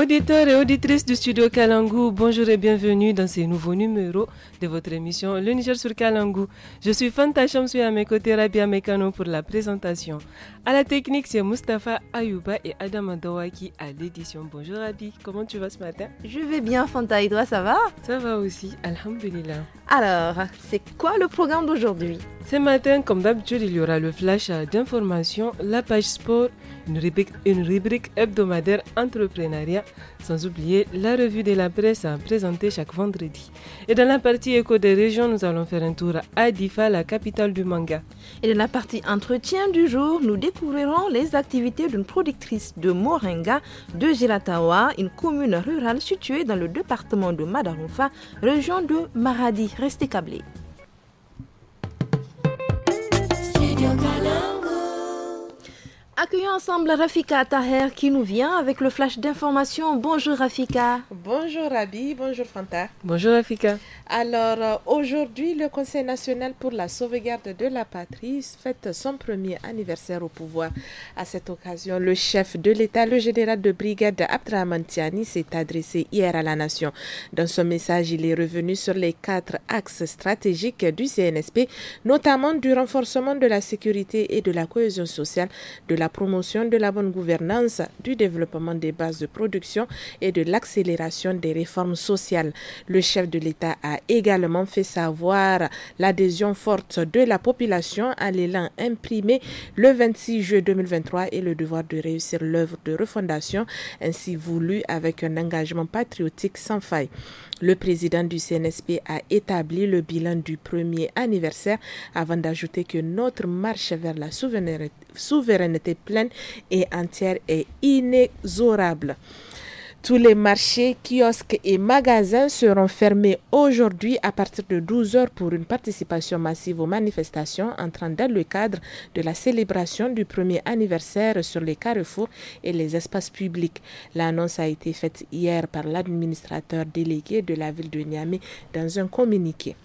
Auditeurs et auditrices du studio Kalangu, bonjour et bienvenue dans ce nouveau numéro de votre émission Le Niger sur Kalangu. Je suis Fanta suis à mes côtés Rabia Mekano pour la présentation. À la technique, c'est Mustapha Ayouba et Adam Adawaki à l'édition. Bonjour Rabi, comment tu vas ce matin Je vais bien Fanta et toi, ça va Ça va aussi, Alhamdulillah. Alors, c'est quoi le programme d'aujourd'hui Ce matin, comme d'habitude, il y aura le flash d'information, la page sport, une rubrique, hebdomadaire entrepreneuriat, sans oublier la revue de la presse à présenter chaque vendredi. Et dans la partie éco des régions, nous allons faire un tour à Adifa, la capitale du manga. Et dans la partie entretien du jour, nous découvrirons les activités d'une productrice de moringa de Jiratawa, une commune rurale située dans le département de Madaroufa, région de Maradi. Restez câblés. Accueillons ensemble Rafika Taher qui nous vient avec le flash d'information. Bonjour Rafika. Bonjour Rabi, bonjour Fanta. Bonjour Rafika. Alors euh, aujourd'hui, le Conseil national pour la sauvegarde de la patrie fête son premier anniversaire au pouvoir. À cette occasion, le chef de l'État, le général de brigade Tiani s'est adressé hier à la nation. Dans son message, il est revenu sur les quatre axes stratégiques du CNSP, notamment du renforcement de la sécurité et de la cohésion sociale, de la promotion de la bonne gouvernance, du développement des bases de production et de l'accélération des réformes sociales. Le chef de l'État a également fait savoir l'adhésion forte de la population à l'élan imprimé le 26 juillet 2023 et le devoir de réussir l'œuvre de refondation ainsi voulue avec un engagement patriotique sans faille. Le président du CNSP a établi le bilan du premier anniversaire avant d'ajouter que notre marche vers la souveraineté, souveraineté pleine et entière est inexorable. Tous les marchés, kiosques et magasins seront fermés aujourd'hui à partir de 12h pour une participation massive aux manifestations entrant dans le cadre de la célébration du premier anniversaire sur les carrefours et les espaces publics. L'annonce a été faite hier par l'administrateur délégué de la ville de Niamey dans un communiqué.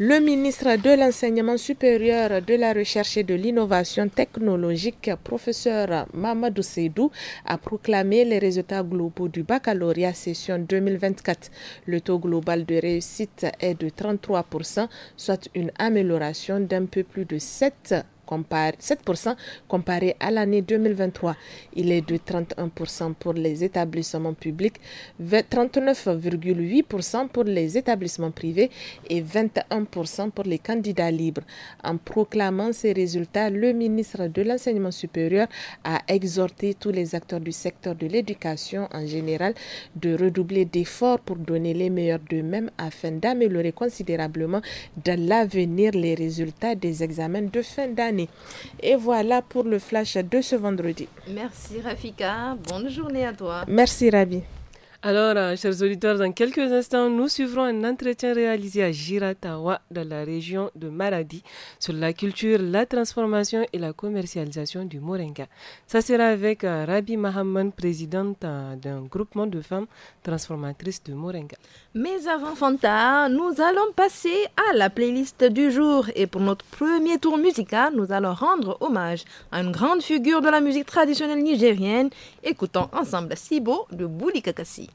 Le ministre de l'Enseignement supérieur, de la Recherche et de l'Innovation technologique, professeur Mamadou Seydou, a proclamé les résultats globaux du baccalauréat session 2024. Le taux global de réussite est de 33%, soit une amélioration d'un peu plus de 7 comparé, 7% comparé à l'année 2023. Il est de 31% pour les établissements publics, 39,8% pour les établissements privés et 21% pour les candidats libres. En proclamant ces résultats, le ministre de l'Enseignement supérieur a exhorté tous les acteurs du secteur de l'éducation en général de redoubler d'efforts pour donner les meilleurs d'eux-mêmes afin d'améliorer considérablement dans l'avenir les résultats des examens de fin d'année. Et voilà pour le flash de ce vendredi. Merci Rafika, bonne journée à toi. Merci Rabi. Alors, euh, chers auditeurs, dans quelques instants, nous suivrons un entretien réalisé à Jiratawa, dans la région de Maradi, sur la culture, la transformation et la commercialisation du moringa. Ça sera avec euh, Rabi Mahaman, présidente euh, d'un groupement de femmes transformatrices de moringa. Mais avant Fanta, nous allons passer à la playlist du jour. Et pour notre premier tour musical, nous allons rendre hommage à une grande figure de la musique traditionnelle nigérienne. Écoutons ensemble Sibo de Kakasi.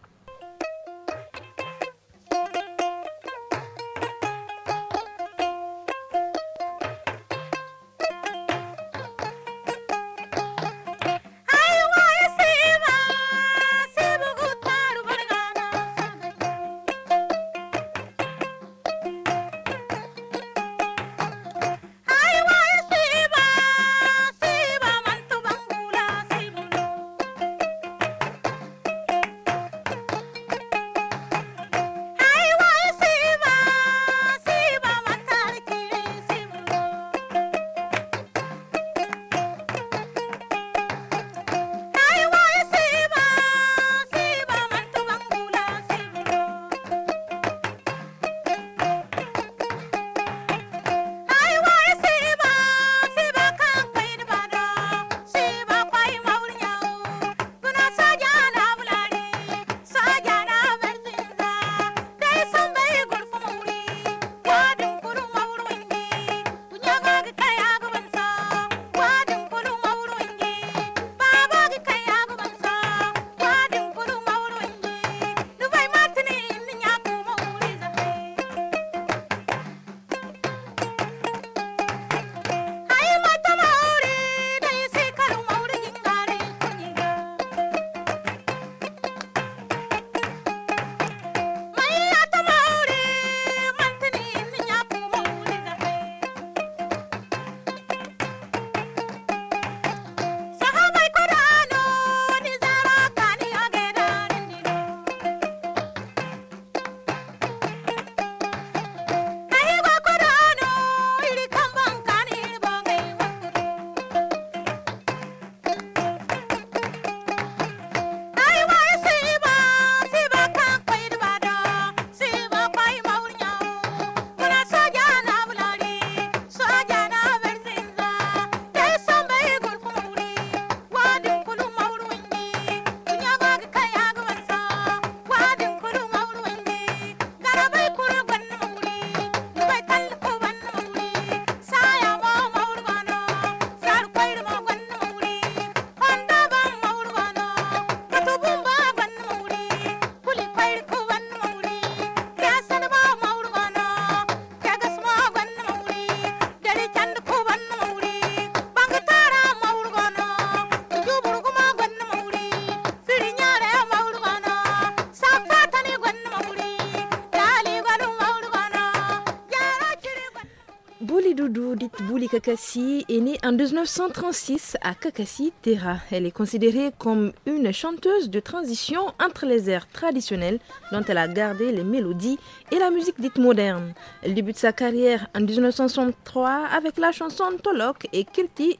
Kakassi est née en 1936 à Kakassi, Terra. Elle est considérée comme une chanteuse de transition entre les airs traditionnels dont elle a gardé les mélodies et la musique dite moderne. Elle débute sa carrière en 1963 avec la chanson Tolok et Kirti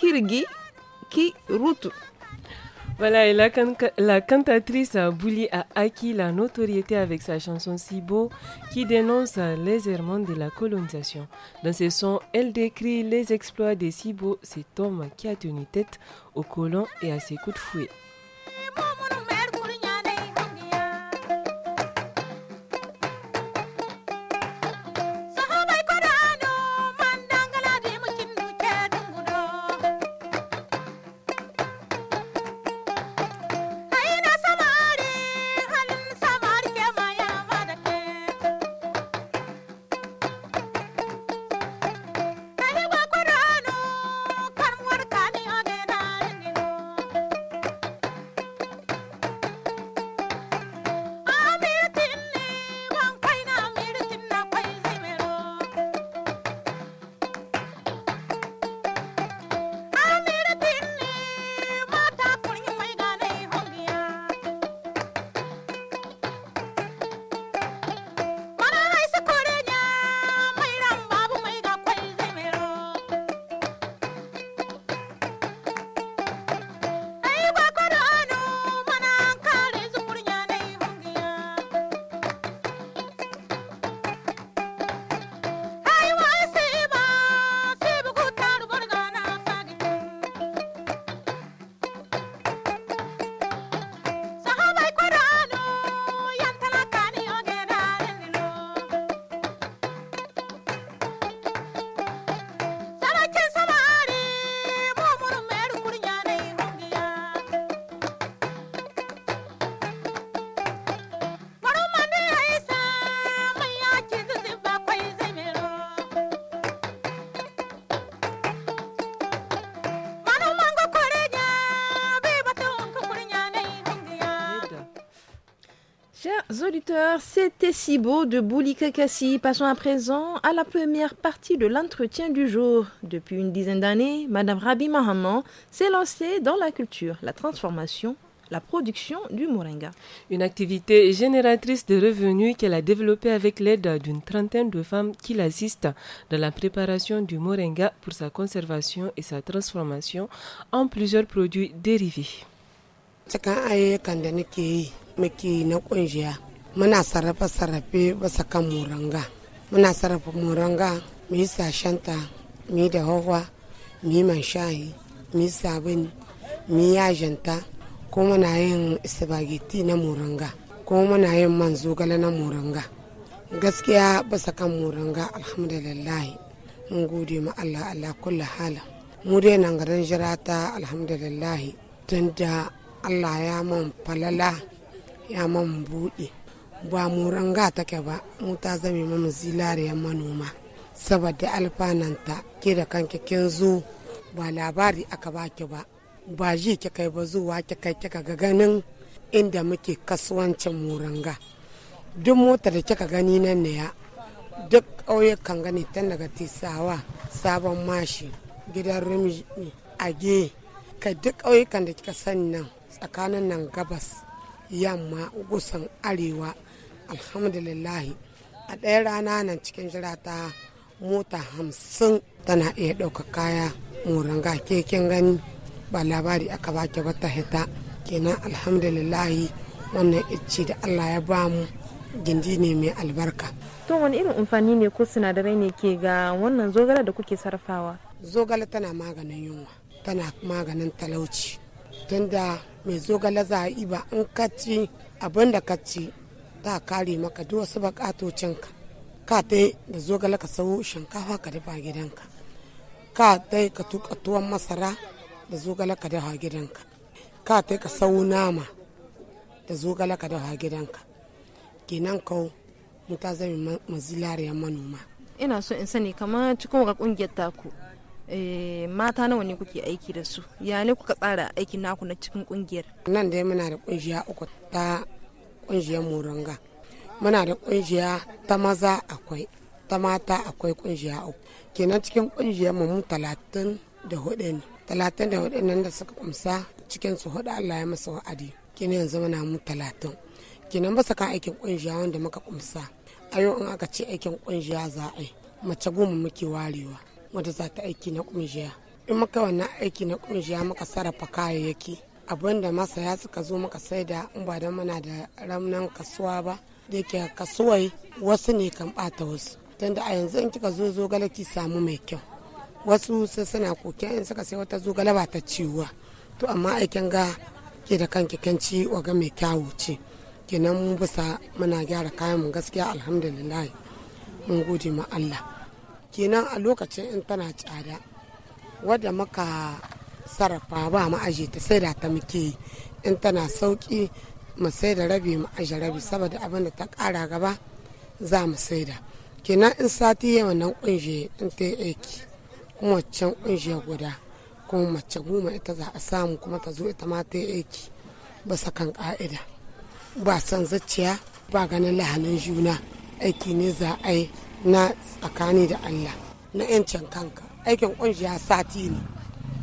Kirgi Kirutu. Voilà, et la, cantatrice Bouli a acquis la notoriété avec sa chanson Si qui dénonce les errements de la colonisation. Dans ses sons, elle décrit les exploits des Sibo, cet homme qui a tenu tête aux colons et à ses coups de fouet. Chers auditeurs, c'était si beau de Boulikakassi. Passons à présent à la première partie de l'entretien du jour. Depuis une dizaine d'années, Madame Rabi Mahaman s'est lancée dans la culture, la transformation la production du moringa. Une activité génératrice de revenus qu'elle a développée avec l'aide d'une trentaine de femmes qui l'assistent dans la préparation du moringa pour sa conservation et sa transformation en plusieurs produits dérivés. muke na kungiya muna sarrafa sarrafe basa kan moranga muna sarrafa moranga mu yi sashenta mu yi da hawa mu yi man shayi mu yi sabini mu yi yajanta ko muna yin spaghetti na moranga ko muna yin man zogale na moranga gaskiya basa kan moranga alhamdulillah mun gode ma Allah Allah kullu hala. mu dai nan garin jirata alhamdulillah tunda Allah ya mun falala ya man buɗe ba mu ranga ke ba mu ta zame mamu zilariyar manoma saboda alfananta ke da kanke kin zo ba labari aka baki ba ba ji ki kai ba zuwa ki kai kika ga ganin inda muke kasuwancin muranga duk mota da kika gani nan ne ya duk kan gani tan daga tisawa sabon mashi gidan rumi age ka duk ƙauyukan da kika sani nan tsakanin nan gabas yamma gusan arewa alhamdulillahi a ɗaya rana nan cikin jira ta mota hamsin tana iya ɗauka kaya ga keken gani ba labari aka baki ba ta hita kenan alhamdulillahi wannan icci da allah ya bamu gindi ne mai albarka to wani irin amfani ne ko sinadarai ne ke ga wannan zogala da kuke sarrafawa zogala tana maganin yunwa tana maganin talauci tunda mai zogale za a yi ba in ka ci abin da ka ci ta kare maka duk wasu bukatocinka ka ta da zogale ka sau shinkafa ka dafa gidanka ka ta ka tuka tuwon masara da zogale ka dafa gidanka ka ta ka sau nama da zogale ka dafa gidanka kenan kau mu ta zama mazilariyar manoma ina so in sani kamar cikin waka kungiyar taku Eh, mata nawa ne kuke aiki da su ya ne kuka tsara aikin naku na cikin kungiyar nan dai muna da kungiya uku ta kungiyar moranga muna da kungiya ta maza akwai ta mata akwai kungiya uku kenan cikin kungiyar mu talatin da hudu ne talatin da hudu nan da suka kumsa cikin su hudu Allah ya masa wa'adi kenan yanzu muna mu talatin kenan ba kan aikin kungiya wanda muka kumsa ayo in aka ce aikin kungiya za a yi mace goma muke warewa wadda za ta aiki na kungiya in muka wannan aiki na kungiya muka sarrafa kayayyaki abin da masaya suka zo muka saida in ba da muna da ramnan kasuwa ba da yake kasuwai wasu ne kan bata wasu tunda a yanzu in kika zo zo ki samu mai kyau wasu sai suna koke in suka sai wata zo ba ta ciwuwa to amma aikin ga ke da kanki kan ci waga mai kyawu ce kenan mu bisa muna gyara kayan mu gaskiya alhamdulillah mun gode ma Allah kenan a lokacin in tana tsada wadda muka sarrafa ba mu aje ta sai da ta muke in tana sauki mu sai da rabi mu aje rabi saboda abin da ta kara gaba za mu sai da kenan in sati ya wannan kunje in ta yi aiki kuma can kunje guda kuma mace goma ita za a samu kuma ta zo ita ma ta yi aiki ba sakan ka'ida ba san zuciya ba ganin lahanin juna aiki ne za a yi na tsakani da Allah na 'yancin kanka aikin kunshiya sati ne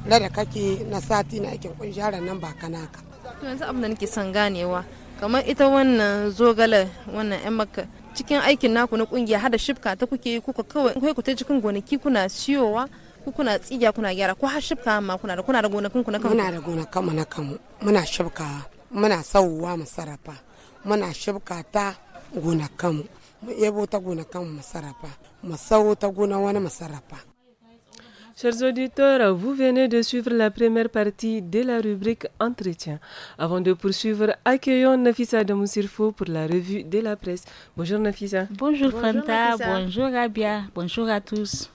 rada kake na sati na aikin kungiya nan ba kanaka yanzu abin da nake son ganewa kamar ita wannan zogala wannan 'yan maka cikin aikin naku na kungiya hada shifka ta kuke yi kuka kawai kai ku ta cikin gonaki kuna siyowa ku kuna tsiya kuna gyara ku har shifka ma kuna da kuna da gonakin ku na kanku muna da gonakan mu na kanmu muna shifka muna sauwa mu sarrafa muna shifka ta gonakan mu Chers auditeurs, vous venez de suivre la première partie de la rubrique Entretien. Avant de poursuivre, accueillons Nafisa de Moussirfo pour la revue de la presse. Bonjour Nafisa. Bonjour, Fanta, bonjour Rabia, bonjour à tous.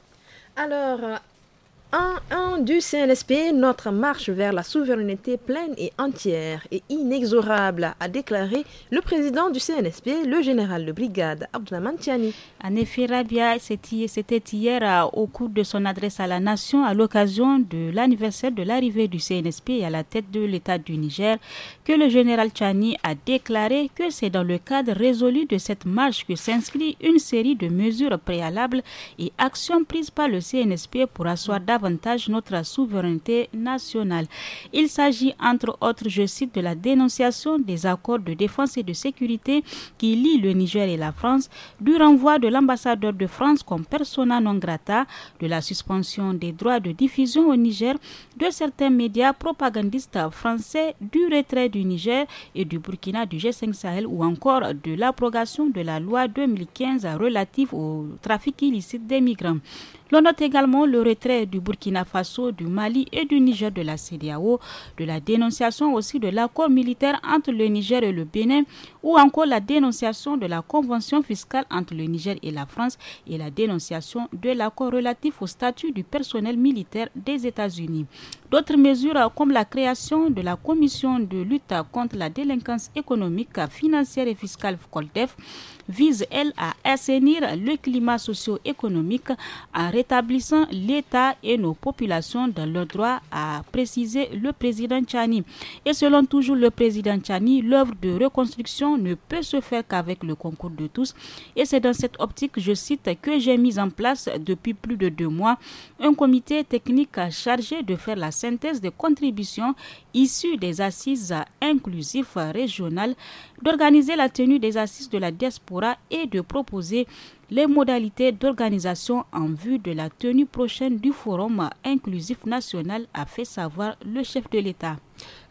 Alors, un du CNSP, notre marche vers la souveraineté pleine et entière et inexorable, a déclaré le président du CNSP, le général de brigade Abdoulaye Tiani. En effet, Rabia, c'était hier euh, au cours de son adresse à la nation à l'occasion de l'anniversaire de l'arrivée du CNSP à la tête de l'État du Niger que le général Tiani a déclaré que c'est dans le cadre résolu de cette marche que s'inscrit une série de mesures préalables et actions prises par le CNSP pour asseoir mm. davantage notre souveraineté nationale. Il s'agit entre autres, je cite, de la dénonciation des accords de défense et de sécurité qui lient le Niger et la France, du renvoi de l'ambassadeur de France comme persona non grata, de la suspension des droits de diffusion au Niger de certains médias propagandistes français, du retrait du Niger et du Burkina du G5 Sahel ou encore de l'abrogation de la loi 2015 relative au trafic illicite des migrants. L'on note également le retrait du Burkina Faso, du Mali et du Niger de la CDAO, de la dénonciation aussi de l'accord militaire entre le Niger et le Bénin, ou encore la dénonciation de la convention fiscale entre le Niger et la France et la dénonciation de l'accord relatif au statut du personnel militaire des États-Unis. D'autres mesures comme la création de la commission de lutte contre la délinquance économique, financière et fiscale COLDEF visent, elle, à assainir le climat socio-économique en rétablissant l'État et nos populations dans leur droit, a précisé le président Chani. Et selon toujours le président Chani, l'œuvre de reconstruction ne peut se faire qu'avec le concours de tous. Et c'est dans cette optique, je cite, que j'ai mis en place depuis plus de deux mois un comité technique chargé de faire la synthèse des contributions issues des assises inclusives régionales, d'organiser la tenue des assises de la diaspora et de proposer les modalités d'organisation en vue de la tenue prochaine du Forum inclusif national, a fait savoir le chef de l'État.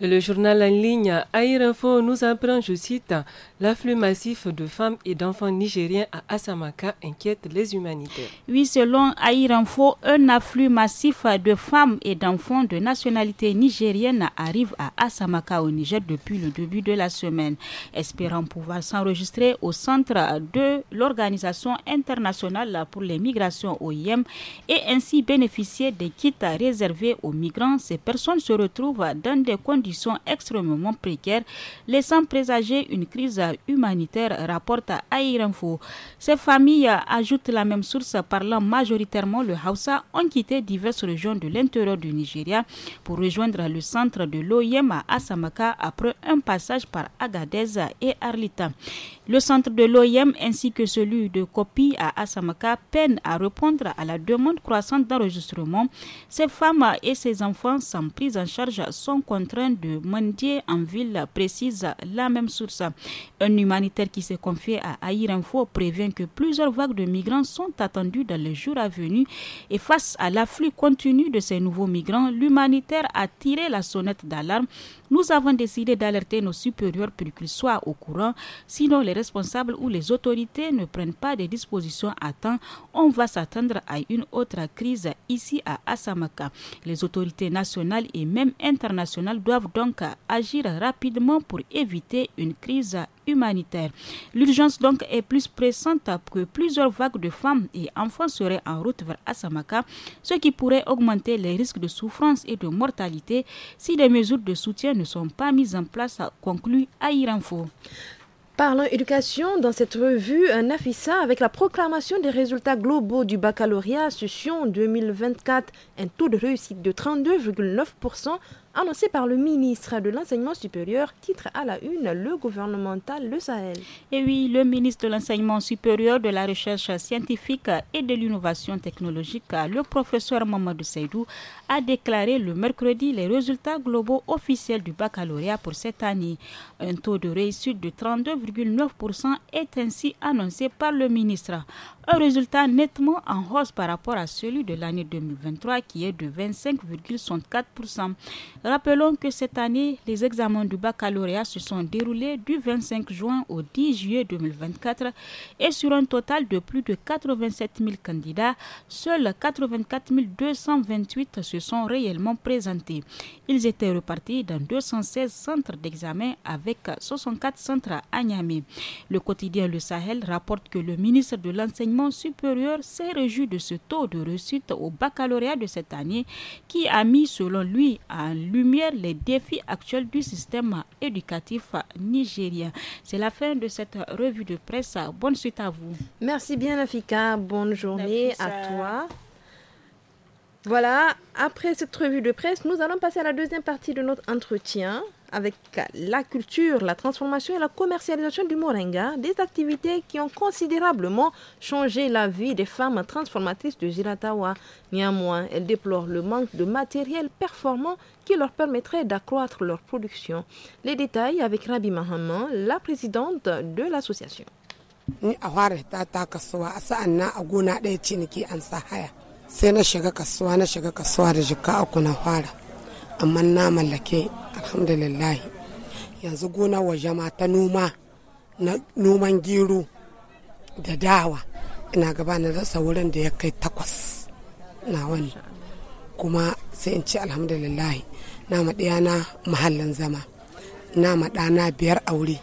Le journal en ligne Info nous apprend, je cite, L'afflux massif de femmes et d'enfants nigériens à Asamaka inquiète les humanitaires. Oui, selon Info, un afflux massif de femmes et d'enfants de nationalité nigérienne arrive à Asamaka au Niger depuis le début de la semaine, espérant pouvoir s'enregistrer au centre de l'Organisation internationale pour les migrations OIM et ainsi bénéficier des kits réservés aux migrants. Ces personnes se retrouvent dans des conditions extrêmement précaires, laissant présager une crise humanitaire, rapporte à Info. Ces familles ajoutent la même source parlant majoritairement le Hausa, ont quitté diverses régions de l'intérieur du Nigeria pour rejoindre le centre de l'OIM à Asamaka après un passage par Agadeza et Arlita. Le centre de l'OIM ainsi que celui de Kopi à Asamaka peinent à répondre à la demande croissante d'enregistrement. Ces femmes et ces enfants sont prises en charge sans condamnés en train de mendier en ville, précise la même source. Un humanitaire qui s'est confié à Haïr Info prévient que plusieurs vagues de migrants sont attendues dans les jours à venir et face à l'afflux continu de ces nouveaux migrants, l'humanitaire a tiré la sonnette d'alarme nous avons décidé d'alerter nos supérieurs pour qu'ils soient au courant. Sinon, les responsables ou les autorités ne prennent pas des dispositions à temps, on va s'attendre à une autre crise ici à Asamaka. Les autorités nationales et même internationales doivent donc agir rapidement pour éviter une crise humanitaire. L'urgence donc est plus pressante que plusieurs vagues de femmes et enfants seraient en route vers Asamaka, ce qui pourrait augmenter les risques de souffrance et de mortalité si des mesures de soutien ne sont pas mises en place, conclut Aïranfo. Parlant éducation. Dans cette revue, un affichage avec la proclamation des résultats globaux du baccalauréat session 2024, un taux de réussite de 32,9% annoncé par le ministre de l'Enseignement supérieur, titre à la une le gouvernemental Le Sahel. Et oui, le ministre de l'Enseignement supérieur, de la recherche scientifique et de l'innovation technologique, le professeur Mamadou Seydou, a déclaré le mercredi les résultats globaux officiels du baccalauréat pour cette année. Un taux de réussite de 32,9% est ainsi annoncé par le ministre un résultat nettement en hausse par rapport à celui de l'année 2023 qui est de 25,64%. Rappelons que cette année, les examens du baccalauréat se sont déroulés du 25 juin au 10 juillet 2024 et sur un total de plus de 87 000 candidats, seuls 84 228 se sont réellement présentés. Ils étaient repartis dans 216 centres d'examen avec 64 centres à Niamey. Le quotidien Le Sahel rapporte que le ministre de l'enseignement supérieur s'est réjoui de ce taux de réussite au baccalauréat de cette année qui a mis, selon lui, en lumière les défis actuels du système éducatif nigérien. C'est la fin de cette revue de presse. Bonne suite à vous. Merci bien, Afika. Bonne journée à toi. Voilà, après cette revue de presse, nous allons passer à la deuxième partie de notre entretien avec la culture, la transformation et la commercialisation du moringa, des activités qui ont considérablement changé la vie des femmes transformatrices de Jiratawa. Néanmoins, elles déplorent le manque de matériel performant qui leur permettrait d'accroître leur production. Les détails avec Rabi Mahama, la présidente de l'association. amma na mallake alhamdulillah yanzu gona waje ma ta noma na noman gero da dawa ina gaba na rasa wurin da ya kai takwas na wani kuma sai in ci alhamdulillah na na mahallin zama na na biyar aure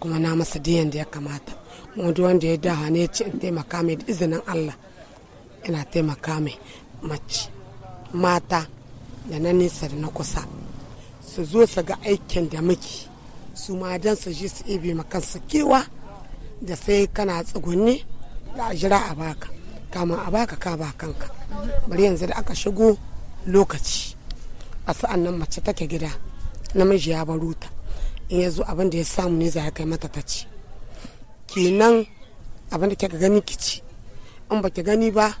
kuma na masa diyan da ya kamata kuma wanda ya dawa ne ci in taimaka mai izinin allah ina taimaka mai mace mata da na nesa da na kusa su zo su ga aikin da muke su ma don su ji su ibe su kewa da sai kana tsugunni da a jira a baka kama a baka ka ba kanka bari yanzu da aka shigo lokaci a sa'an nan mace take gida namiji ya baro ta in ya zo abin da ya samu ne za ya kai mata ta ci kenan abin da kika gani ki ci in baki gani ba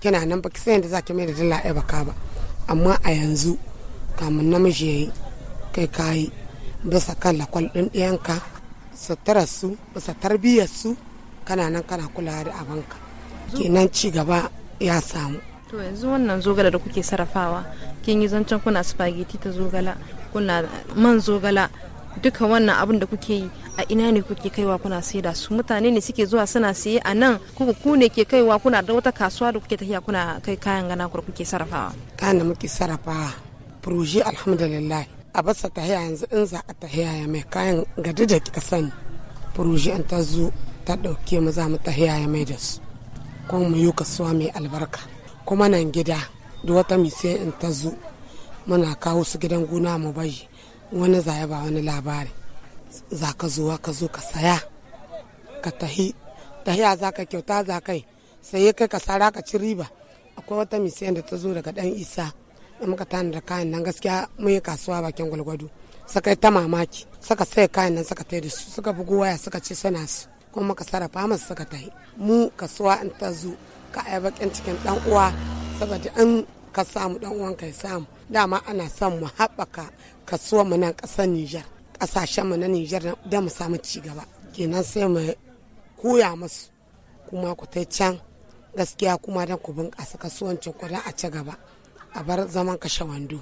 kina nan baki sai yadda za ki mai da dala ba ka ba amma a yanzu kamun namiji ya yi kai kayi bisa kan lakwal ɗin ɗiyanka su bisa su kana nan kana kulawa da abanka kenan ci gaba ya samu to yanzu wannan zogala da kuke sarrafawa kin yi zancen kuna spaghetti ta zogala kuna man zogala duka wannan abin da kuke yi a ina ne kuke kaiwa kuna da su mutane ne suke zuwa suna siye a nan kuma ku ne ke kaiwa kuna da wata kasuwa da kuke tafiya kuna kai kayan gana kur kuke sarrafawa kana muke sarrafawa proje alhamdulillah a basa haya yanzu in za a ta ya mai kayan gadi da kika sani proje an ta zo ta dauke mu za mu ta ya mai da su kuma mu yi kasuwa mai albarka kuma nan gida da wata sai in ta zo muna kawo su gidan gona mu bayi wani zaya ba wani labari za ka zuwa ka zo ka saya ka tahi tahiya za ka kyauta za kai sai kai ka sara ka ci riba akwai wata misiyan da ta zo daga dan isa da muka tana da kayan nan gaskiya mun yi kasuwa bakin gwalgwado saka ta mamaki saka sai kayan nan saka tai da su suka bugu waya suka ce suna su kuma muka sarrafa masu suka tahi mu kasuwa in ta zo ka ai bakin cikin dan uwa saboda in ka samu dan uwan ka samu dama ana son mu haɓaka kasuwar mu nan Nijar ƙasashen mu na Nijar da mu samu ci gaba kenan sai mu koya musu kuma ku ta can gaskiya kuma dan ku bunƙasa kasuwancin ku a ci gaba a bar zaman kashe wando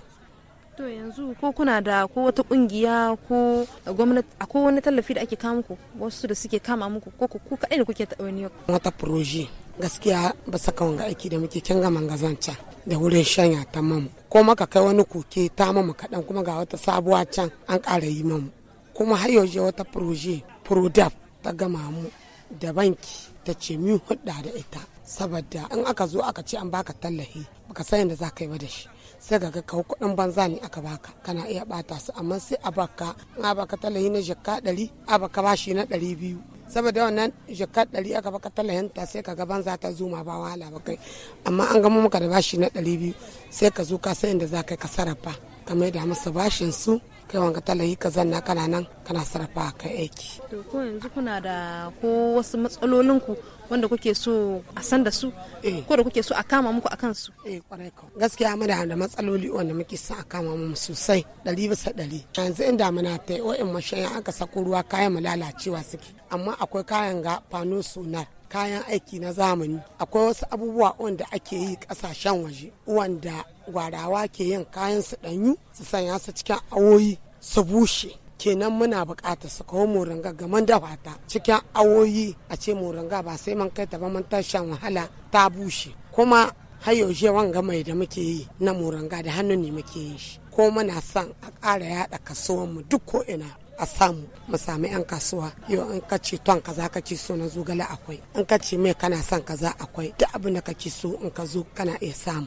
to yanzu ko kuna da ko wata kungiya ko gwamnati akwai wani tallafi da ake kama muku wasu da suke kama muku ko ku kaɗai da kuke taɓa wani wata proje gaskiya ba saka wanga aiki da muke kin gaman gazancan da wurin shanya ta mamu ko maka kai wani koke ta mamu kaɗan kuma ga wata sabuwa can an ƙara yi mamu kuma har yaushe wata proje prodap ta gama mu da banki ta ce min hudda da ita saboda in aka zo aka ce an baka tallahi baka san yadda za ka yi ba da shi sai ga ga kawo kuɗin banza ne aka baka kana iya bata su amma sai a baka a baka talahi na ɗari a baka bashi na ɗari biyu saboda wannan jikka ɗari aka baka talahin ta sai ka ga banza ta zuma ba wahala ba kai amma an gama maka da bashi na ɗari biyu sai ka zo ka san inda za ka ka sarrafa ka mai da masa bashin su kai wanga talayi ka zanna kana nan kana sarrafa ka aiki to ko yanzu kuna da ko wasu matsalolin ku wanda kuke so a san da su eh. ko da kuke so a kama muku akan su eh kwarai ka gaskiya muna da matsaloli wanda muke son a kama mu sosai dari bisa ɗari yanzu inda muna ta yi o'in aka sako ruwa kayan mu lalacewa suke amma akwai kayan ga fano sonar kayan aiki na zamani akwai wasu abubuwa wanda ake yi kasashen waje wanda Gwadawa ke yin kayan su ɗanyu su sanya su cikin awoyi su bushe kenan muna bukata su kawo moringa ga man dafa ta cikin awoyi a ce moringa ba sai man kai ta ba man tashan wahala ta bushe kuma har yaushe wanga mai da muke yi na moringa da hannu ne muke yin shi ko muna son a ƙara yaɗa mu duk ko ina a samu mu sami 'yan kasuwa yau in ka ce ton kaza ka ce so na zogale akwai in ka ce mai kana son kaza akwai duk abin da kake so in ka zo kana iya samu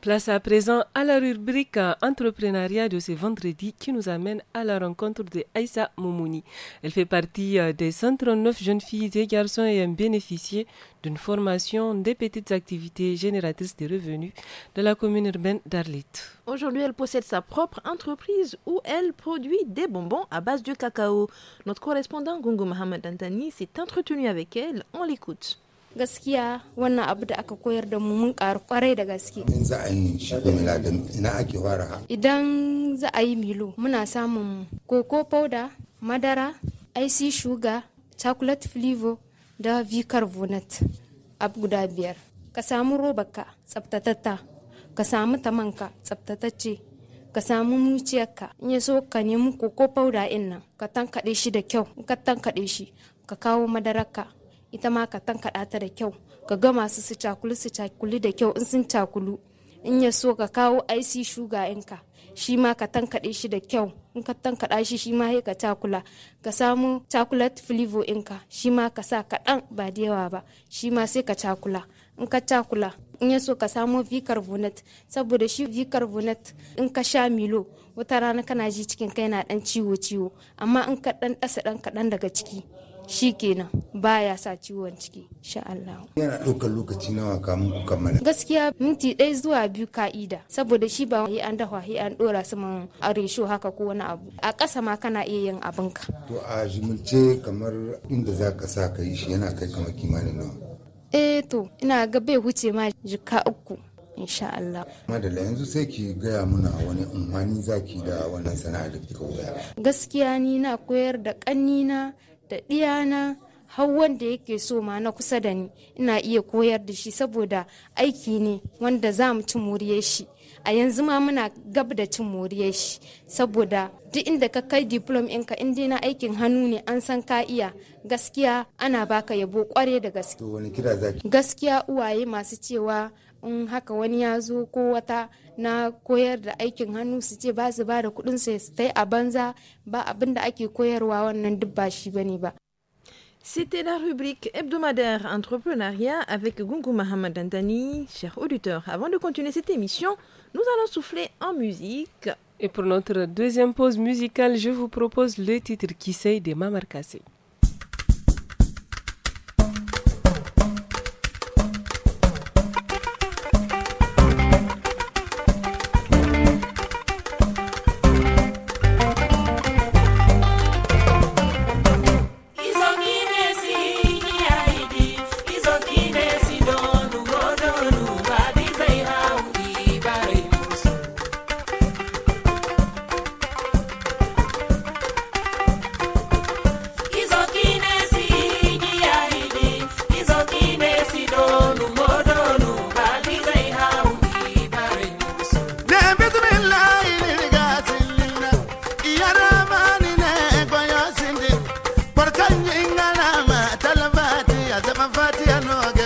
Place à présent à la rubrique entrepreneuriat de ce vendredi qui nous amène à la rencontre de Aïssa Moumouni. Elle fait partie euh, des 139 jeunes filles et garçons ayant bénéficié d'une formation des petites activités génératrices de revenus de la commune urbaine d'Arlit. Aujourd'hui, elle possède sa propre entreprise où elle produit des bonbons à base de cacao. Notre correspondant Gungo Mohamed Antani s'est entretenu avec elle. On l'écoute. gaskiya wannan abu da aka koyar da mu mun karu kwarai da gaske idan za a yi shi miladin ina ake fara idan za a yi milo muna samun koko powder madara ic sugar chocolate flavor da bicarbonate abu guda biyar ka samu robarka tsabtatatta ka samu tamanka tsabtatacce ka samu muciyarka in ya so ka nemi koko powder in nan ka tankaɗe shi da kyau ka tankaɗe shi ka kawo madararka ita ma ka tankaɗa ta da kyau ka ga masu su cakulu su cakulu da kyau in sun cakulu in ya so ka kawo ic shuga ɗinka shi ma ka tankaɗe shi da kyau in ka tankaɗa shi shi ma ka cakula ka samu chocolate flavor ɗinka shi ma ka sa kaɗan ba da yawa ba shi ma sai ka cakula in ka cakula in ya so ka samo bicarbonate saboda shi bicarbonate in ka sha milo wata rana kana ji cikin kai na ɗan ciwo ciwo amma in ka ɗan ɗasa ɗan kaɗan daga ciki shi kenan baya sa ciwon ciki sha Allah. Yana ɗaukar lokaci nawa kamun ku kammala. Gaskiya minti ɗaya zuwa biyu ka'ida saboda shi ba yi an dafa sai an ɗora saman arisho haka ko wani abu a ƙasa ma kana iya yin abinka. To a jimilce kamar inda za ka sa ka yi shi yana kai kamar kimanin nawa. Eh to ina ga bai wuce ma jika uku. insha Allah. yanzu sai ki gaya muna wani unhwani zaki da wannan sana'a da kika koya. Gaskiya ni na koyar da ƙannina da ɗiya na har wanda yake so ma na kusa da ni ina iya koyar da shi saboda aiki ne wanda za mu ci moriyar shi a yanzu ma muna gab da cin moriyar shi saboda duk inda ka kai diplom ɗinka in na aikin hannu ne an san ka iya gaskiya ana baka yabo kware da gaskiya. gaskiya uwaye masu cewa C'était la rubrique hebdomadaire entrepreneuriat avec Gungu Mohamed Dantani. Chers auditeurs, avant de continuer cette émission, nous allons souffler en musique. Et pour notre deuxième pause musicale, je vous propose le titre Qui s'est de Mamar no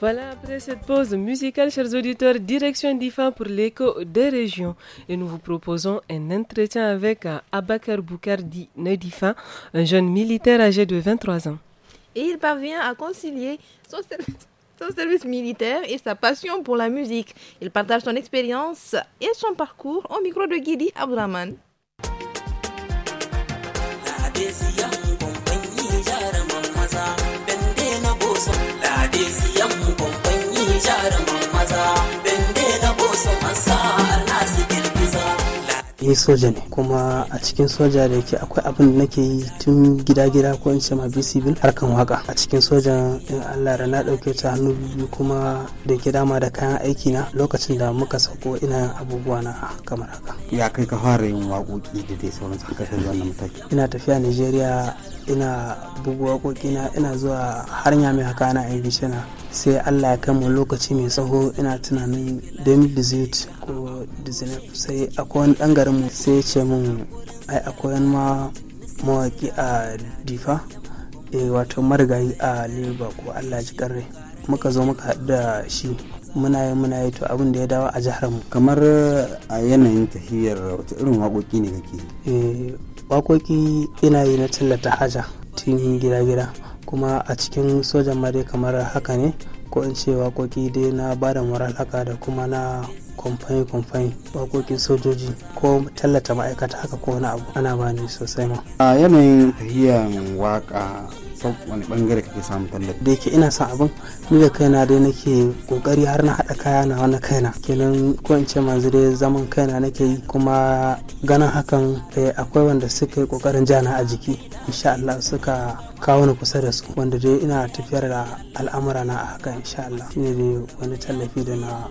Voilà, après cette pause musicale, chers auditeurs, direction d'IFA pour l'écho des régions. Et nous vous proposons un entretien avec euh, Abakar Boukardi Nedifa, un jeune militaire âgé de 23 ans. Et il parvient à concilier son service militaire et sa passion pour la musique. Il partage son expérience et son parcours au micro de Guidi Abdraman. boso lade siyan mu babban yi jarumin maza bende na boso masa yi eh, soja ne kuma a cikin soja da yake akwai abin da nake yi tun gida gida ko in ce ma bcbil harkan waka a cikin soja in allah da na dauke ta hannu biyu kuma da ke dama da kayan aiki na lokacin da muka sauko ina abubuwa na kamar haka ya kai ka fara yin waƙoƙi da dai sauran suka kai wannan mataki ina tafiya nigeria ina bugu waƙoƙi na ina zuwa nya mai haka ana yin sai allah ya kai mu lokaci mai tsaho ina tunanin dizit ko 2019 sai akwai wani ɗan garin sai sai ce mun ai akwai wani ma mawaki a difa e wato marigayi a leba ko allah ji karre muka zo muka haɗu da shi muna yi muna yi to abin da ya dawo a jihar mu kamar a yanayin tahiyar wata irin waƙoƙi ne kake eh waƙoƙi ina yi na tallata haja tun gida gida kuma a cikin sojan mare kamar haka ne ko in ce waƙoƙi dai na bada moral haka da kuma na kwamfani kwamfani waƙoƙin sojoji ko tallata ma'aikata haka ko wani abu ana bani sosai ma a yanayin tafiyan waka wani bangare kake samun tallafi da yake ina son abin ni da kaina dai nake kokari har na haɗa kaya na wani kaina kenan ko in ce manzu dai zaman kaina nake yi kuma ganin hakan eh, akwai wanda suka yi kokarin jana a jiki insha Allah suka kawo ni kusa da su wanda dai ina tafiyar da al'amura na a haka insha Allah shine dai wani tallafi da na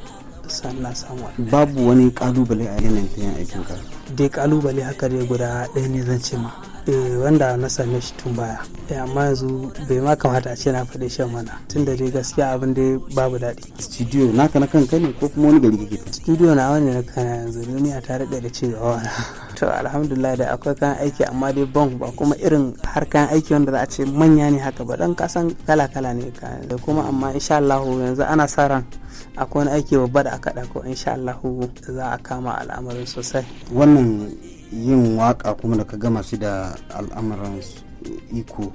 na samu babu wani kalubale a yanayin aikin ka dai kalubale haka dai guda ɗaya ne zan ce ma Eh, wanda na same shi tun baya eh, amma yanzu bai ma kamata a ce na faɗi shan mana tun da dai gaskiya abin da babu daɗi studio naka na kanka ne ko kuma wani gari kake studio na wani na kana yanzu ni a tare da ci gaba to alhamdulillah da akwai kayan aiki amma dai ban ba kuma irin har kayan aiki wanda za a ce manya ne haka ba dan kasan kala kala ne da kuma amma insha Allah yanzu ana sa ran akwai wani aiki babba da aka ko insha Allah za a kama al'amarin sosai wannan yin waka kuma da ka gama shi da al'amuran iko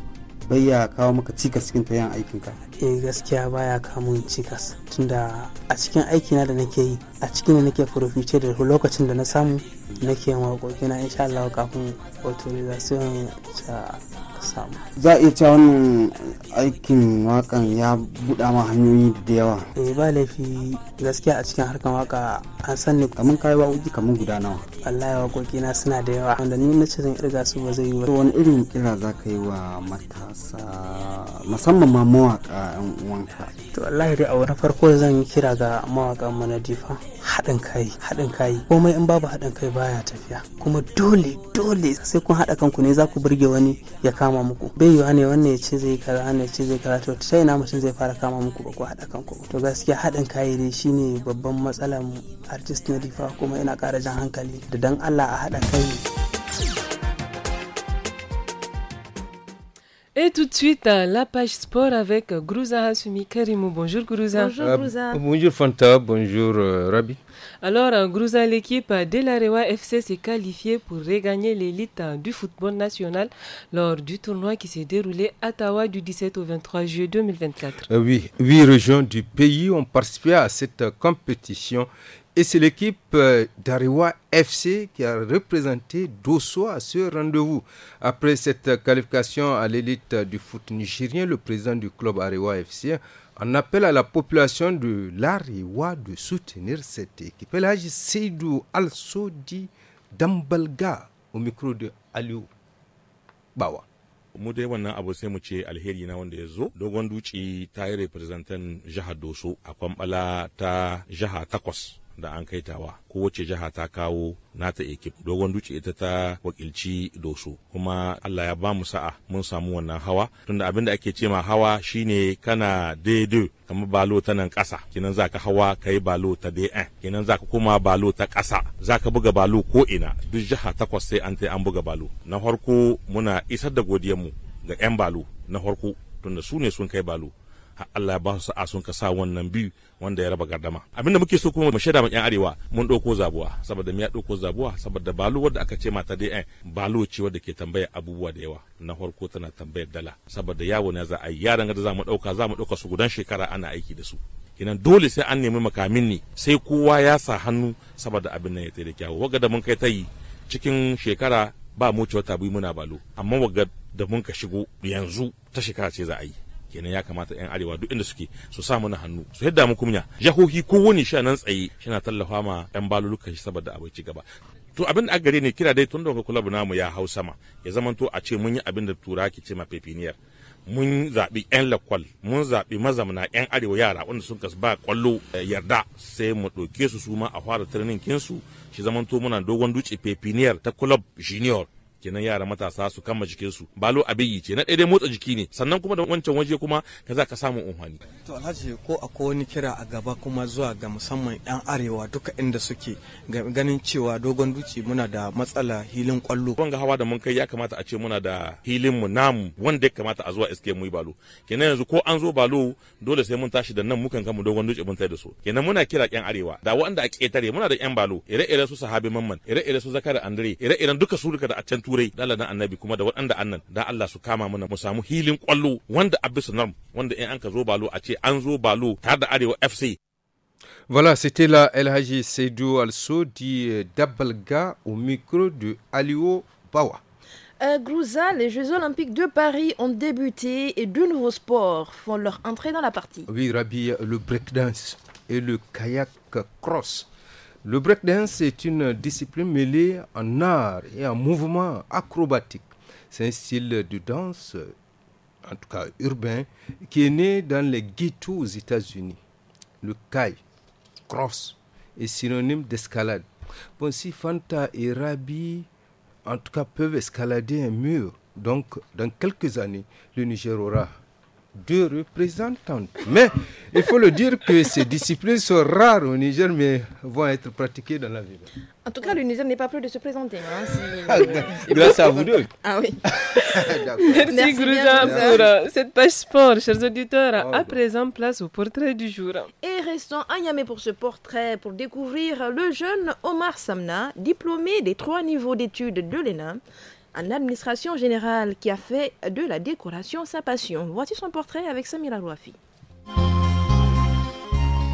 bai ya kawo maka cikas cikin ta aikinka eh gaskiya baya kamun cikas tunda a cikin aikina da nake yi a cikin da nake furofice da lokacin da na samu nake yin waƙoƙi na insha Allah kafin authorization ta samu za a iya cewa wannan aikin wakan ya buɗa ma hanyoyi da yawa eh ba laifi gaskiya a cikin harkan waka an san kamar kayi wa waƙoƙi kamar guda nawa wallahi waƙoƙi na suna da yawa wanda ni na ce zan irga su ba zai yi ba wani irin kira za ka yi wa matasa musamman ma mawaka yan uwanka to wallahi dai a na farko zan yi kira ga mawaka mu na difa haɗin kai haɗin kai komai in babu haɗin kai baya tafiya kuma dole dole sai kun haɗa kanku ne za ku burge wani ya kama muku bai yiwa ne wannan ya ce zai kaza wannan ya ce zai kaza to ta ina mutum zai fara kama muku ba ku haɗa kanku to gaskiya haɗin kai dai shine babban matsalar Et tout de suite, euh, la page sport avec euh, Grouza Hasumi Karimou. Bonjour Grouza. Bonjour bonjour Fanta, bonjour euh, Rabi. Alors Grouza, l'équipe de l'Arewa FC s'est qualifiée pour regagner l'élite du football national lors du tournoi qui s'est déroulé à Tawa du 17 au 23 juillet 2024. oui, huit régions du pays ont participé à cette compétition et c'est l'équipe euh, d'Ariwa FC qui a représenté Dosso à ce rendez-vous. Après cette qualification à l'élite du foot nigérien, le président du club Ariwa FC en appelle à la population de l'Ariwa de soutenir cette équipe. Là, Seydou Al-Sodi Dambalga au micro de Aliou Bawa. mu dai wannan abu sai mu ce alheri na wanda ya zo dogon duci ta yi representan jihar doso a kwambala ta jiha takwas da an kai tawa kowace jiha ta kawo nata ekip dogon duce ita ta wakilci doso kuma allah ya ba mu sa'a mun samu wannan hawa tunda abinda ake ce ma hawa shine kana daidai kamar balo ta nan ƙasa kinan zaka hawa kai balo ta dn kinan zaka kuma balo ta ƙasa zaka buga balo ko ina duk jiha takwas sai an an buga balo na farko muna isar da godiyar mu ga 'yan balo na farko tunda su ne sun kai balo har Allah ya ba su sa'a sun ka sa wannan biyu wanda ya raba gardama abinda muke so kuma mu shaida mu yan arewa mun ɗauko zabuwa saboda ya ɗauko zabuwa saboda balo wadda aka ce mata dai eh, balo ce wanda ke tambaya abubuwa da yawa na farko tana tambayar dala saboda yawo ne za a yi yaran da za mu ɗauka za mu ɗauka su gudan shekara ana aiki da su kenan dole sai an nemi makamin ne sai kowa ya sa hannu saboda abin nan ya tsaye da kyawu waga da mun kai ta yi cikin shekara ba mu ci wata biyu muna balo amma waga da mun ka shigo yanzu ta shekara ce za a yi kenan ya kamata yan arewa duk inda suke su sa mana hannu su yadda mu kunya jahohi ko wani sha nan tsaye shina tallafa ma yan baluluka shi saboda abai ci gaba to abin da aka gare ne kira dai tun daga kulabu namu ya hau sama ya zamanto a ce mun yi abin da tura ke ce ma pepiniyar mun zabi 'yan lakwal mun zaɓi mazamna 'yan arewa yara wanda sun kasu ba kwallo eh, yarda sai mu ɗauke su su ma a fara tirnin kinsu shi zamanto muna dogon duce pepiniyar ta club junior kenan yara matasa su kama jikinsu balo abin yi ce na daidai motsa jiki ne sannan kuma da wancan waje kuma ka za ka samu umhani. to alhaji ko akwai wani kira a gaba kuma zuwa ga musamman yan arewa duka inda suke ganin cewa dogon duci muna da matsala hilin kwallo. ga hawa da mun kai ya kamata a ce muna da hilin mu namu wanda ya kamata a zuwa iske mu yi balo kenan yanzu ko an zo balo dole sai mun tashi da nan mukan kama dogon duci mun tai da su kenan muna kira yan arewa da wanda a ƙetare muna da yan balo ire-ire su sahabi mamman ire-ire su andre ire-iren duka su duka da a can turai da Allah dan annabi kuma da waɗanda annan da Allah su kama mana mu samu hilin kwallo wanda abisu bisa norm wanda in an ka zo balo a ce an zo balo tare da arewa FC Voilà, c'était là El Haji Seydou Also dit euh, d'Abalga au micro de Alio Bawa. À euh, Grouza, les Jeux Olympiques de Paris ont débuté et deux nouveaux sports font leur entrée dans la partie. Oui, Rabi, le breakdance et le kayak cross le breakdance est une discipline mêlée en art et en mouvement acrobatique. C'est un style de danse, en tout cas urbain, qui est né dans les ghettos aux États-Unis. Le kai, cross, est synonyme d'escalade. Bon, si Fanta et Rabi, en tout cas, peuvent escalader un mur, donc dans quelques années, le Niger aura deux représentantes. Mais il faut le dire que ces disciplines sont rares au Niger, mais vont être pratiquées dans la ville. En tout cas, le Niger n'est pas prêt de se présenter. Hein, Grâce ah, à vous deux. Ah oui. Merci, Merci pour cette page sport, chers auditeurs. Oh, à bah. présent, place au portrait du jour. Et restons à Yamé pour ce portrait, pour découvrir le jeune Omar Samna, diplômé des trois niveaux d'études de l'ENA en administration générale qui a fait de la décoration sa passion. Voici son portrait avec Samira Rouafi.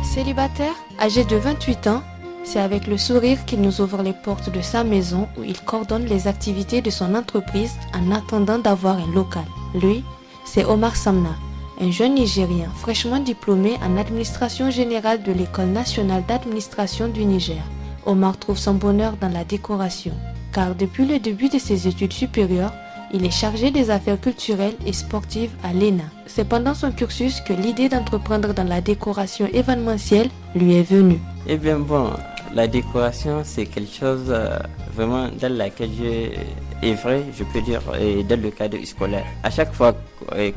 Célibataire, âgé de 28 ans, c'est avec le sourire qu'il nous ouvre les portes de sa maison où il coordonne les activités de son entreprise en attendant d'avoir un local. Lui, c'est Omar Samna, un jeune Nigérien fraîchement diplômé en administration générale de l'École nationale d'administration du Niger. Omar trouve son bonheur dans la décoration car depuis le début de ses études supérieures, il est chargé des affaires culturelles et sportives à l'ENA. C'est pendant son cursus que l'idée d'entreprendre dans la décoration événementielle lui est venue. Eh bien bon, la décoration, c'est quelque chose euh, vraiment dans laquelle je est vrai, je peux dire, et dans le cadre scolaire. À chaque fois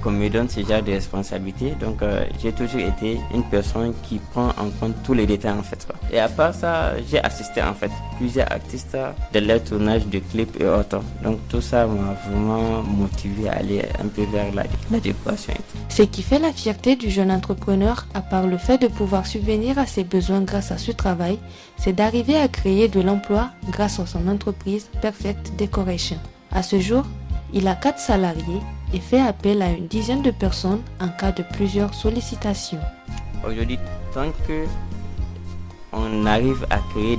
qu'on me donne ce genre de responsabilité, donc euh, j'ai toujours été une personne qui prend en compte tous les détails en fait. Et à part ça, j'ai assisté en fait plusieurs artistes dans leur tournage de clips et autres. Donc tout ça m'a vraiment motivé à aller un peu vers la, la décoration. Ce qui fait la fierté du jeune entrepreneur, à part le fait de pouvoir subvenir à ses besoins grâce à ce travail, c'est d'arriver à créer de l'emploi grâce à son entreprise Perfect Decoration. À ce jour, il a 4 salariés et fait appel à une dizaine de personnes en cas de plusieurs sollicitations. Aujourd'hui, tant que on arrive à créer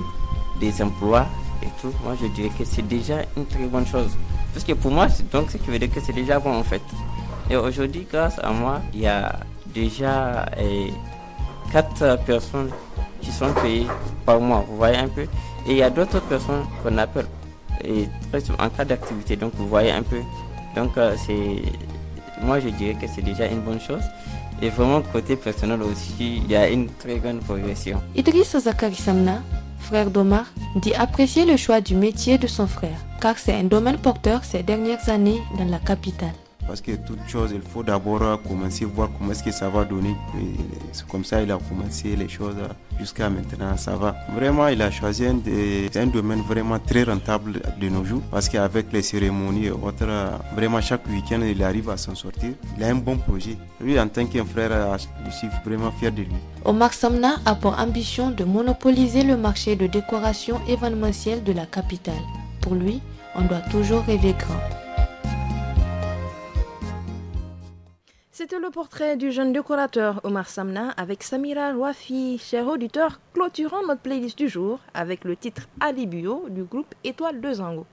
des emplois et tout, moi je dirais que c'est déjà une très bonne chose. Parce que pour moi, c'est donc ce qui veut dire que c'est déjà bon en fait. Et aujourd'hui, grâce à moi, il y a déjà 4 eh, personnes qui sont payés par mois, vous voyez un peu. Et il y a d'autres personnes qu'on appelle et en cas d'activité, donc vous voyez un peu. Donc euh, c'est, moi je dirais que c'est déjà une bonne chose. Et vraiment côté personnel aussi, il y a une très grande progression. Idriss Zakari Samna, frère d'Omar, dit apprécier le choix du métier de son frère, car c'est un domaine porteur ces dernières années dans la capitale. Parce que toute chose, il faut d'abord commencer, voir comment est-ce que ça va donner. C'est comme ça il a commencé les choses jusqu'à maintenant, ça va. Vraiment, il a choisi un, un domaine vraiment très rentable de nos jours parce qu'avec les cérémonies et autres, vraiment chaque week-end, il arrive à s'en sortir. Il a un bon projet. Lui, en tant qu'un frère, ah, je suis vraiment fier de lui. Omar Samna a pour ambition de monopoliser le marché de décoration événementielle de la capitale. Pour lui, on doit toujours rêver grand. C'était le portrait du jeune décorateur Omar Samna avec Samira Rouafi. cher auditeur, clôturant notre playlist du jour avec le titre Ali du groupe Étoile de Zango.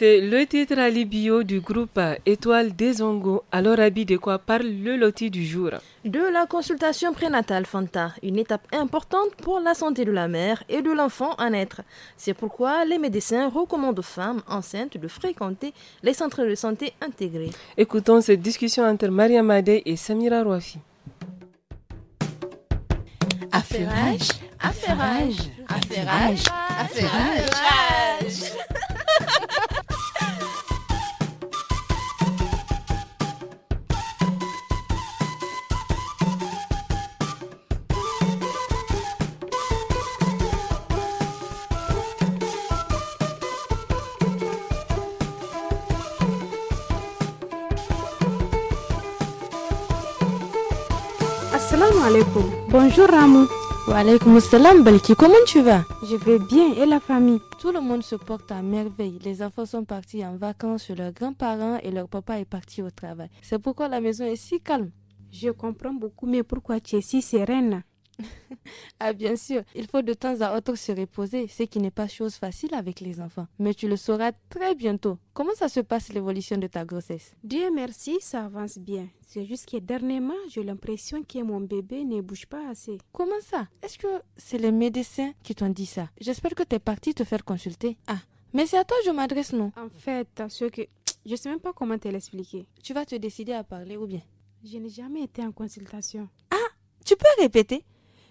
C'était le titre alibio du groupe Étoile des Ongos. Alors, Abby, de quoi parle le loti du jour De la consultation prénatale Fanta, une étape importante pour la santé de la mère et de l'enfant à naître. C'est pourquoi les médecins recommandent aux femmes enceintes de fréquenter les centres de santé intégrés. Écoutons cette discussion entre Maria Madé et Samira Rouafi. Affairage, affairage, affairage, affairage. Bonjour Ramou. Wa alaykoum comment tu vas Je vais bien et la famille Tout le monde se porte à merveille. Les enfants sont partis en vacances chez leurs grands-parents et leur papa est parti au travail. C'est pourquoi la maison est si calme. Je comprends beaucoup, mais pourquoi tu es si sereine ah bien sûr, il faut de temps à autre se reposer, ce qui n'est pas chose facile avec les enfants. Mais tu le sauras très bientôt. Comment ça se passe l'évolution de ta grossesse Dieu merci, ça avance bien. C'est juste que dernièrement, j'ai l'impression que mon bébé ne bouge pas assez. Comment ça Est-ce que c'est les médecins qui t'ont dit ça J'espère que tu es parti te faire consulter. Ah, mais c'est à toi que je m'adresse, non En fait, ce que... Je sais même pas comment te l'expliquer. Tu vas te décider à parler ou bien Je n'ai jamais été en consultation. Ah, tu peux répéter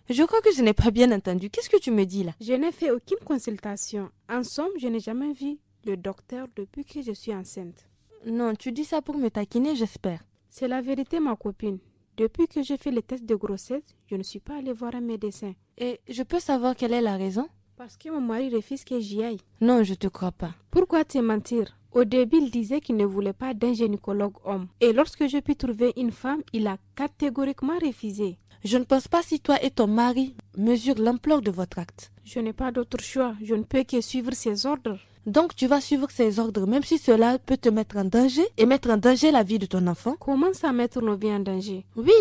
je crois que je n'ai pas bien entendu. Qu'est-ce que tu me dis là Je n'ai fait aucune consultation. En somme, je n'ai jamais vu le docteur depuis que je suis enceinte. Non, tu dis ça pour me taquiner, j'espère. C'est la vérité, ma copine. Depuis que j'ai fait les tests de grossesse, je ne suis pas allée voir un médecin. Et je peux savoir quelle est la raison Parce que mon mari refuse que j'y aille. Non, je te crois pas. Pourquoi te mentir Au début, il disait qu'il ne voulait pas d'un gynécologue homme. Et lorsque j'ai pu trouver une femme, il a catégoriquement refusé. Je ne pense pas si toi et ton mari mesurent l'ampleur de votre acte. Je n'ai pas d'autre choix. Je ne peux que suivre ses ordres. Donc tu vas suivre ses ordres, même si cela peut te mettre en danger et mettre en danger la vie de ton enfant. Comment ça mettre nos vies en danger Oui,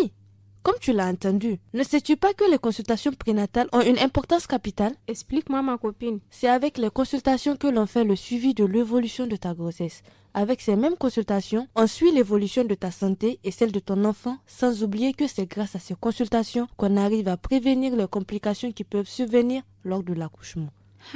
comme tu l'as entendu, ne sais-tu pas que les consultations prénatales ont une importance capitale Explique-moi ma copine. C'est avec les consultations que l'on fait le suivi de l'évolution de ta grossesse. Avec ces mêmes consultations, on suit l'évolution de ta santé et celle de ton enfant, sans oublier que c'est grâce à ces consultations qu'on arrive à prévenir les complications qui peuvent survenir lors de l'accouchement.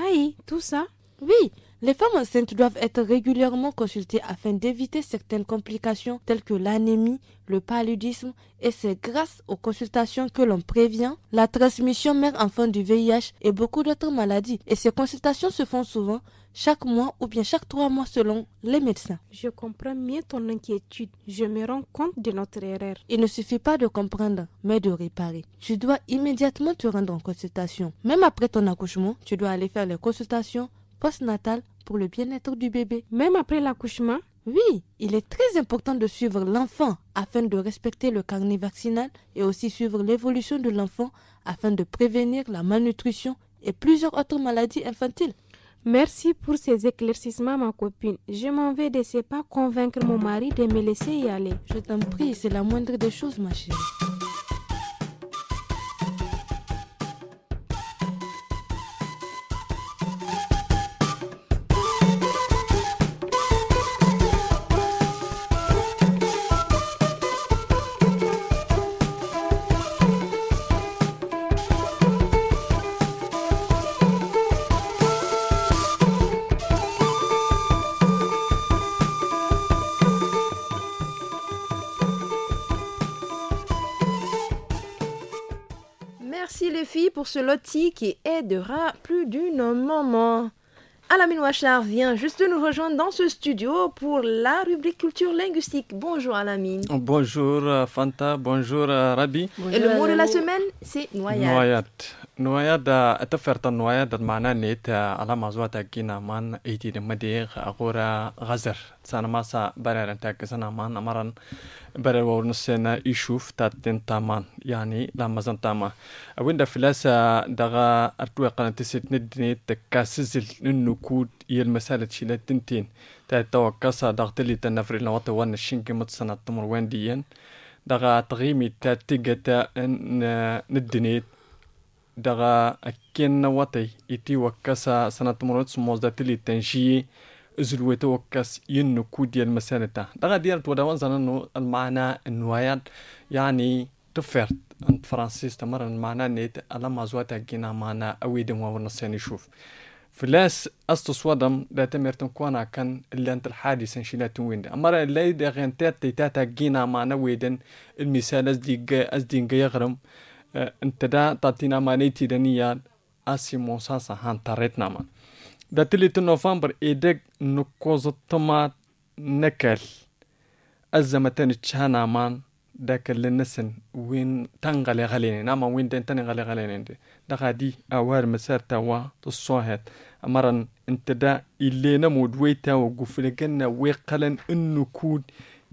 Aïe, tout ça Oui, les femmes enceintes doivent être régulièrement consultées afin d'éviter certaines complications telles que l'anémie, le paludisme et c'est grâce aux consultations que l'on prévient la transmission mère-enfant du VIH et beaucoup d'autres maladies. Et ces consultations se font souvent chaque mois ou bien chaque trois mois selon les médecins. Je comprends mieux ton inquiétude. Je me rends compte de notre erreur. Il ne suffit pas de comprendre, mais de réparer. Tu dois immédiatement te rendre en consultation. Même après ton accouchement, tu dois aller faire les consultations postnatal pour le bien-être du bébé. Même après l'accouchement Oui, il est très important de suivre l'enfant afin de respecter le carnet vaccinal et aussi suivre l'évolution de l'enfant afin de prévenir la malnutrition et plusieurs autres maladies infantiles. Merci pour ces éclaircissements, ma copine. Je m'en vais de pas convaincre mon mari de me laisser y aller. Je t'en prie, c'est la moindre des choses, ma chérie. pour ce loti qui aidera plus d'une maman. Alamine Ouachar vient juste de nous rejoindre dans ce studio pour la rubrique culture linguistique. Bonjour Alamine. Bonjour euh, Fanta, bonjour euh, Rabi. Et le mot de la semaine, c'est noyade. Noyade. Noyade, c'est euh, un noyade, net ala de madir بروا نسينا يشوف تاتين تامان يعني لامزان تاما وين دا فلاسة دغا أرتوى قلن تسيت ندني تكاسزل ننو يل مسالة شيلة تنتين تاتوى كاسا دغتلي تنفري لنواتي وان شنك متسنة تمر وين ديان دغا تغيمي تاتيجة ندنيت دغا أكين نواتي إتي وكاسا سنة تمرت سموز داتلي تنشيي زلوي توكس ينو كودي المسالتا دغا ديال تودا زنان المعنى النوايات يعني تفرت انت فرانسيس تمر المعنى نيت الا ما زواتا كينا معنا اويدم ونصين شوف فلاس استوس ودم لا تمرتم كوانا كان اللي انت الحادث انشيلاتون وين اما لا دي غين تات تاتا كينا معنى ويدن المثال ازدي ازدي يغرم أه، انت دا تعطينا مانيتي دنيا اسي موساسا هان تاريتنا مان داتلت نوفمبر إيدك نكوزطما نكل أزمتين تشانا مان داك اللي نسن وين تنغالي غالين نعم وين دين تنغالي غالين دي دقا دي أوار مسار توا تصوهت أمرا انت دا اللي نمو دويتا وقفل جنة ويقلن إنو كود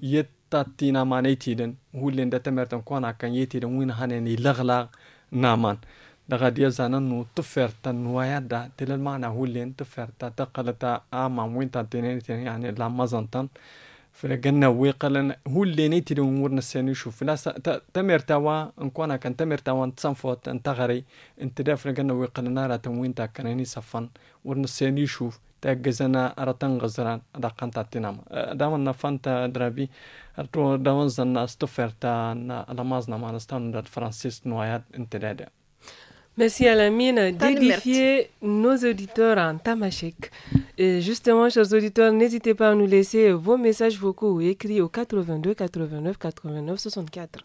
يتاتينا مانيتي دن هو اللي اندا تمرتن كوانا كان يتي دن وين هانين يلغلاغ نامان دغاديا زانانو تفرتا نوايادا تلا المعنى هو اللي تفرتا تقلتا اما تنيني تنيني يعني لا مازنتان فلقنا ويقلن هو اللي نيتي لو مورنا السنة شوف لا تمر توا نكونا كان تمر توا نتصنفوت نتغري انت دا فلقنا ويقلنا را تموين تا كان صفن ورنا السنة شوف تاجزنا رتن غزران دا قنتا تنام دامنا فانتا درابي تو دامنا استفرتا لمازنا ما نستان فرانسيس نوايات انت دا, دا. Merci à la mine d'édifier nos auditeurs en tamashek. Et justement, chers auditeurs, n'hésitez pas à nous laisser vos messages vocaux ou écrits au 82 89 89 64.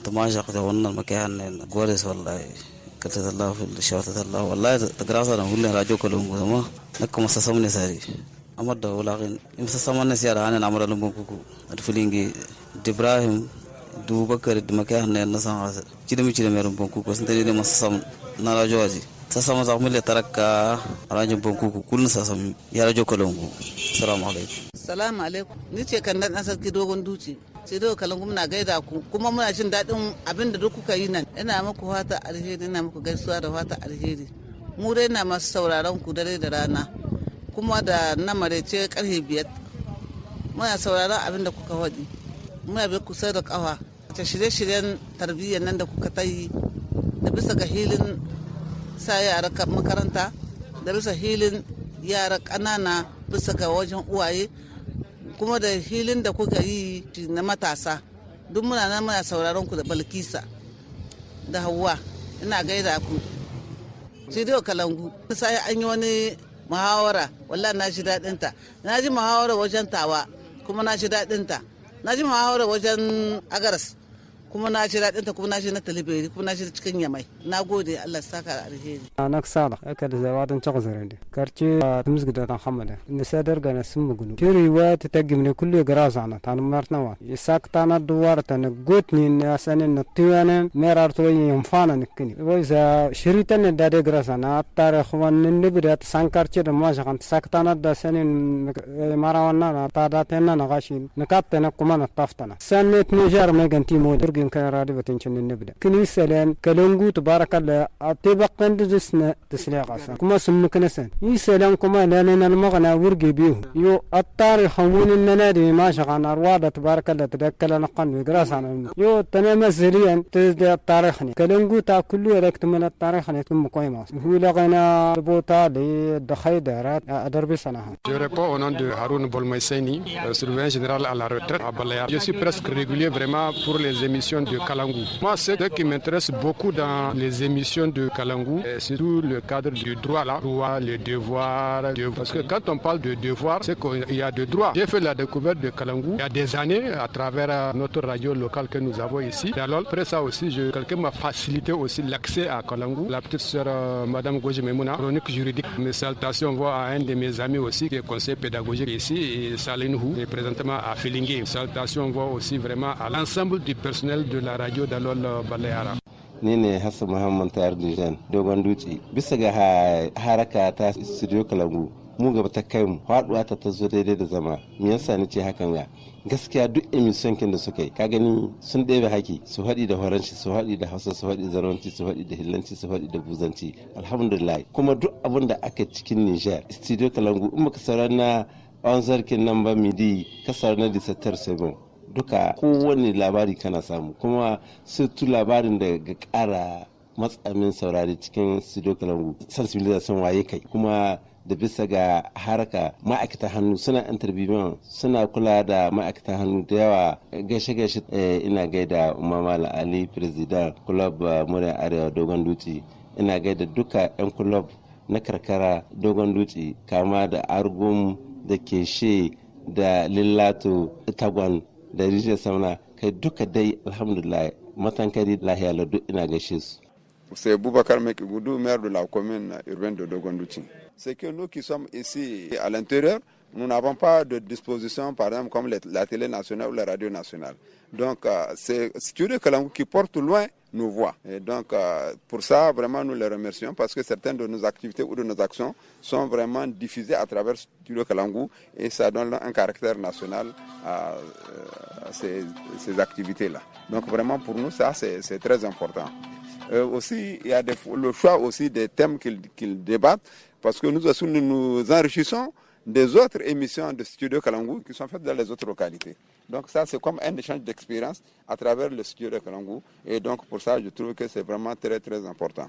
انت ما شقتهن المكان كويس والله قلت الله في الشرطة الله والله تقرأت أنا أقول لها راجوك لهم وما نكم سسمني ساري أمر ده ولكن إم سسمني سيارة أنا أمر لهم بكو أدفلينجي إبراهيم dubakar da maka hanna yan nasan hasa cire mi cire merin banku ko sun tare da masu sam na rajo waje sasa maza mu le taraka rajin banku ko kullun sasa ya rajo kolongo assalamu alaikum assalamu alaikum ni ce kan dan sarki dogon duci Sai dai kalan muna gaida ku kuma muna jin daɗin abin da duk kuka yi nan. Ina muku fata alheri ina muku gaisuwa da fata alheri. Mu dai na masu sauraron ku dare da rana kuma da na marece karfe biyar. Muna sauraron abin da kuka faɗi. Muna bi kusa da kawa Ta shirye-shiryen tarbiyyar nan da kuka ta yi da bisa ga hilin sa yara makaranta da bisa hilin yara ƙanana bisa ga wajen uwaye kuma da hilin da kuka yi na matasa duk muna nan muna sauraron ku da balkisa da hawa ina gaida ku studio kalangu sai an yi wani muhawara wallahi na ji daɗin ta na ji muhawara wajen tawa kuma na ji daɗin ta na ji muhawara wajen agaras kuma na ji daɗin ta kuma na ji na talibiri kuma na ji cikin yamai na gode Allah saka alheri anak sala aka da zawadin taqzirinde karci tumzgda ta hamada nisadar gana sumugnu tiri wa ta tatagimne kullu gara grazana tan martna wa ta na duwar ta na gotni ne asane nasane natiyane merar to yin ne yimfana nikni wayza shiritan dade grazana tar khwan ne bi da majakan saktana da sanin marawanna ta da na datena nagashi na kuma na taftana sanet nijar ganti modur دين كان رادي بتنشن نبدا كني سلام كلونغو تبارك الله أطيبق قند دسنا تسلي قصا كما سمو كنسان يي سلام كما لنا المغنى ورقي بيه يو أطار حمون النادي ما شغان أرواد تبارك الله تدكل نقن بقراس عن يو تنام زليا تزدي التاريخني كلونغو تا كله ركت من التاريخني تم قيمة هو لغنا بوتا لي دخاي دارات أدربي سنة Je réponds au nom de Haroun Bolmaïseni, surveillant général à la retraite à Balaya. Je suis presque régulier vraiment pour les émissions de Kalangou. Moi, c'est ce qui m'intéresse beaucoup dans les émissions de Kalangou, euh, c'est tout le cadre du droit là. Droit, les euh, devoirs. Parce que quand on parle de devoir, c'est qu'il y a de droits. J'ai fait la découverte de Kalangou il y a des années à travers euh, notre radio locale que nous avons ici. Et alors, après ça aussi, quelqu'un m'a facilité aussi l'accès à Kalangou. La petite sœur, Madame Goji chronique juridique. Mes salutations vont à un de mes amis aussi, qui est conseiller pédagogique ici, et Saline est présentement à Filingue. Salutations vont aussi vraiment à l'ensemble du personnel officiel de la radio lol Baleara. ni ne hassan muhammad tayar dijan dogon dutse bisa ga haraka ta studio kalangu mu gaba ta kai mu faduwa ta tazo daidai da zama me yasa ni ce hakan ga gaskiya duk emission kin da suka yi ka gani sun ɗebe haki su haɗi da horanci su haɗi da hausa su haɗi zaranci su haɗi da hillanci su haɗi da buzanci alhamdulillah kuma duk abin da aka cikin niger studio kalangu in muka saurara na on zarkin nan ba midi kasar na disatar sabon duka kowane labari kana samu kuma surtu labarin da ga kara matsamin saurari cikin studio kalangu sensibilization waye kai kuma da bisa ga haraka ma'aikata hannu suna interview suna kula da ma'aikata hannu da yawa gaishe gaishe eh, ina gaida umar ali president club eh, murya arewa dogon dutse ina gaida duka 'yan club na karkara dogon dutse kama da argum da keshe da lillato tagwan da rijiyar sauna kai duka dai alhamdulillah matankari lahiya la ina gaishe su sai Bubakar Mekigudu, maire de la commune urbaine de dogon duci que nous qui sommes ici à l'intérieur, Nous n'avons pas de disposition, par exemple, comme la télé nationale ou la radio nationale. Donc, euh, c'est Studio Kalangu qui porte loin nos voix. Et donc, euh, pour ça, vraiment, nous les remercions parce que certaines de nos activités ou de nos actions sont vraiment diffusées à travers Studio Kalangu et ça donne un caractère national à, euh, ces, activités-là. Donc, vraiment, pour nous, ça, c'est très important. aussi, il y a le choix aussi des thèmes qu'ils débattent parce que nous aussi, nous nous enrichissons des autres émissions de Studio Kalangou qui sont faites dans les autres localités. Donc ça, c'est comme un échange d'expérience à travers le Studio de Et donc pour ça, je trouve que c'est vraiment très, très important.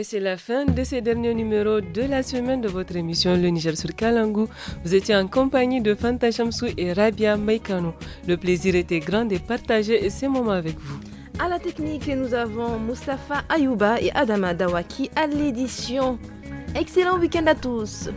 Et c'est la fin de ces derniers numéros de la semaine de votre émission Le Niger sur Kalangou. Vous étiez en compagnie de Fanta Chamsou et Rabia Maikano. Le plaisir était grand de partager ces moments avec vous. À la technique, nous avons Mustapha Ayouba et Adama Dawaki à l'édition. Excellent week-end à tous.